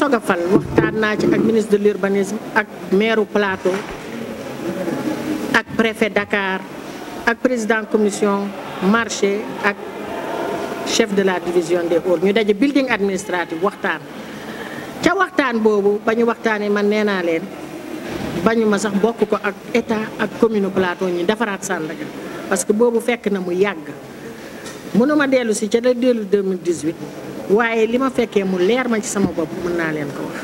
Soga Fall waxtaan naa ci ak ministre de l'urbanisme ak maire Plateau ak préfet Dakar ak président commission marché ak chef de la division des Hauts ñu daje building administratif waxtaan ca waxtaan boobu ba ñu waxtaanee man nee naa leen bañu ma sax bokk ko ak état ak commune Plateau ñi defaraat Sandaga parce que boobu fekk na mu yàgg mënuma dellu si ca la dellu 2018 waaye li ma fekkee mu leer ma ci sama bopp mën naa leen ko wax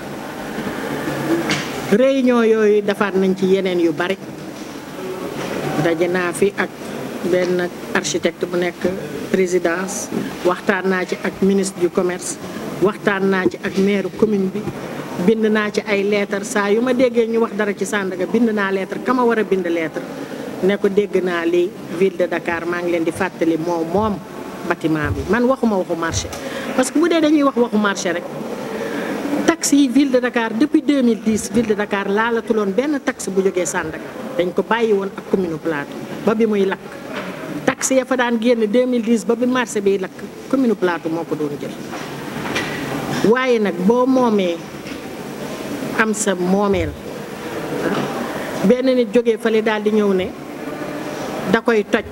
réunion yooyu defaat nañ ci yeneen yu bari daje naa fi ak benn architecte bu nekk présidence waxtaan naa ci ak ministre du commerce waxtaan naa ci ak maire commune bi bind naa ci ay leetar saa yu ma déggee ñu wax dara ci Sandaga bind naa lettre kama war a bind lettre ne ko dégg naa li ville de Dakar maa ngi leen di fàttali moom moom bâtiment bi man waxuma waxu marché parce que bu dee dañuy wax waxu marché rek taxi yi ville de Dakar depuis 2010 ville de Dakar laalatuloon benn taxi bu jógee Sandaga dañ ko bàyyi woon ak commune Plateau ba bi muy lakk taxi ya fa daan génn 2010 ba bi marché biy lakk commune Plateau moo ko doon jël waaye nag boo moomee am sa moomeel ah, benn nit jógee fale daal di ñëw ne da koy toj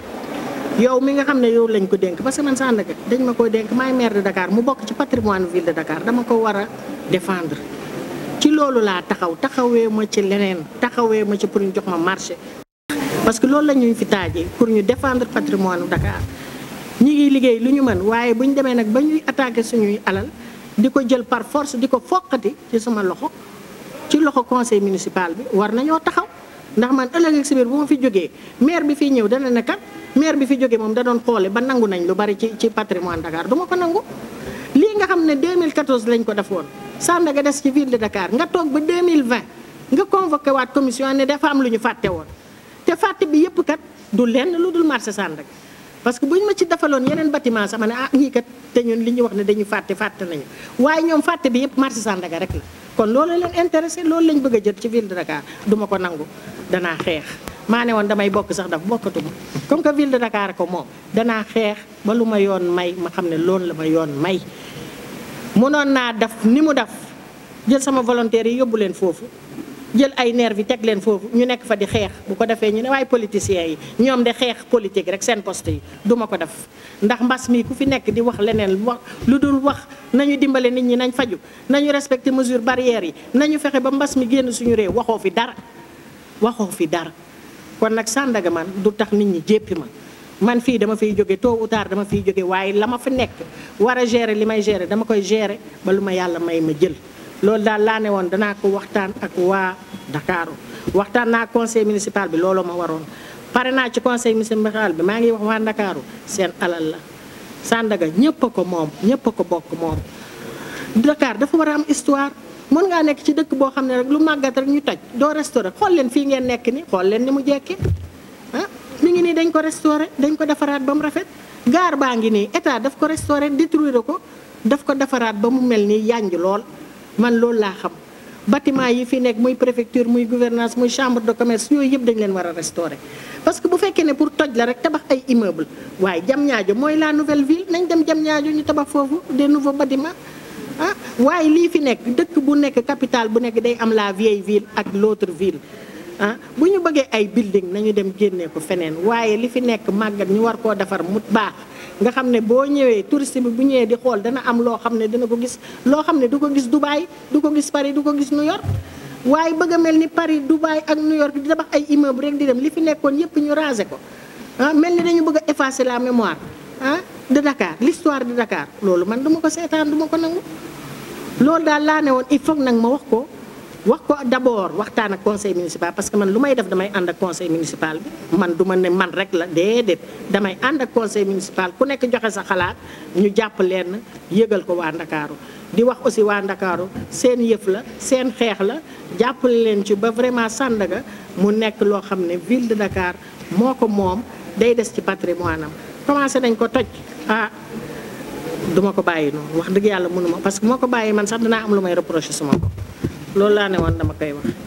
yow mi nga xam ne yow lañ ko dénk ba que man Sandaga dañ ma koy dénk may maire de dakaar mu bokk ci patrimoine ville de dakaar dama ko war a défendre ci loolu laa taxaw taxawee ma ci leneen taxawee ma ci pour ñu jox ma marché parce que loolu la fi taajee pour ñu défendre patrimoine Dakar ñi ngiy liggéey lu ñu mën waaye bu ñu demee nag ba ñuy attaqué suñuy alal di ko jël par force di ko foqati ci sama loxo ci loxo conseil municipal bi war nañoo taxaw ndax man ëllëg ak si biir bu ma fi jógee maire bi fiy ñëw dana ne kat maire bi fi jógee moom da doon xoole ba nangu nañ lu bari ci ci patrimoine Dakar du ma ko nangu. lii nga xam ne 2014 lañ ko defoon Sandaga des ci ville de Dakar nga toog ba 2020 nga convoqué waat commission ne dafa am lu ñu fàtte woon te fàtte bi yëpp kat du lenn lu dul marché Sandaga parce que bu ñu ma ci defaloon yeneen bâtiment sama ah, kat te ñun li ñu wax ne dañu fàtte fàtte waaye ñoom fàtte yëpp marché Sandaga rek kon loolu leen intéressé loolu lañ bëgg a jot ci ville de Dakar duma ko nangu dana xeex maa ne woon damay bokk sax daf bokkatuma comme que ville de Dakar ko moom danaa xeex ba lu ma yoon may ma xam ne loolu la ma yoon may mënoon naa def ni mu def jël sama volontaire, yi yóbbu leen foofu jël ay nerf yi teg leen foofu ñu nekk fa di xeex bu ko defee ñu ne waaye politiciens yi ñoom de xeex politique rek seen poste yi duma ko def ndax mbas mi ku fi nekk di wax leneen wax lu dul wax nañu dimbale nit ñi nañ faju nañu respecter mesure barrière yi nañu fexe ba mbas mi génn suñu réew waxoo fi dara waxoo fi dara kon nag sàndaga man du tax nit ñi jéppi ma man fii dama fiy jóge tôt ou dama fi jóge waaye la ma fa nekk war a gérer li may gérer dama koy gere ba lu ma yàlla may ma jël loolu daal laa ne woon danaa ko waxtaan ak waa Ndakaaru waxtaan naa conseil municipal bi looloo ma waroon pare naa ci conseil municipal bi maa ngiy wax waa Ndakaaru seen alal la sàndaga ñëpp a ko moom ñëpp a ko bokk moom Dakar dafa war a am histoire mën ngaa nekk ci dëkk boo xam ne rek lu màggat rek ñu taj doo restauré xool leen fii ngeen nekk ni xool leen ni mu jekke ah mi ngi nii dañ ko restauré dañ ko defaraat ba mu rafet gaar baa ngi nii état daf ko restauré détruire ko daf ko defaraat ba mu mel nii yànj lool man loolu laa xam bâtiment yi fi nekk muy préfecture muy gouvernance muy chambre de commerce yooyu yëpp dañ leen war a restauré parce que bu fekkee ne pour toj la rek tabax ay immeuble waaye jam ñaajo mooy la nouvelle ville nañ dem jam ñaajo ñu tabax foofu des nouveaux bâtiments ah waaye lii fi nekk dëkk bu nekk capital bu nekk day am la vieille ville ak l'autre ville ah bu ñu bëggee ay building nañu dem génnee ko feneen waaye li fi nekk màggat ñu war koo defar mu baax nga xam ne boo ñëwee touriste bi bu ñëwee di xool dana am loo xam ne dina ko gis loo xam ne du ko gis Dubaï du ko gis Paris du ko gis New York waaye bëgg mel ni Paris Dubaï ak New York di tabax ay immeuble rek di dem li fi nekkoon yépp ñu raser ko ah mel ni dañu bëgg a effacer la mémoire ah de Dakar l'histoire de ndakaar loolu man duma ko seetaan duma ko nangu loolu daal laa ne woon il faut nag ma wax ko wax ko d'abord waxtaan ak conseil municipal parce que man lu may def damay ànd ak conseil municipal bi man du ma ne man rek la déedéet damay ànd ak conseil municipal ku nekk joxe sa xalaat ñu jàpp leen yëgal ko waa Ndakaaru di wax aussi waa Ndakaaru seen yëf la seen xeex la jàppale leen ci ba vraiment sàndaga mu nekk loo xam ne ville de moo ko moom day des ci patrimoine am commencé nañ ko toj ah duma ko bàyyi noonu wax dëgg yàlla mënuma parce que moo ko bàyyi man sax danaa am lu may reproché sama ko loolu laa ne woon dama koy wax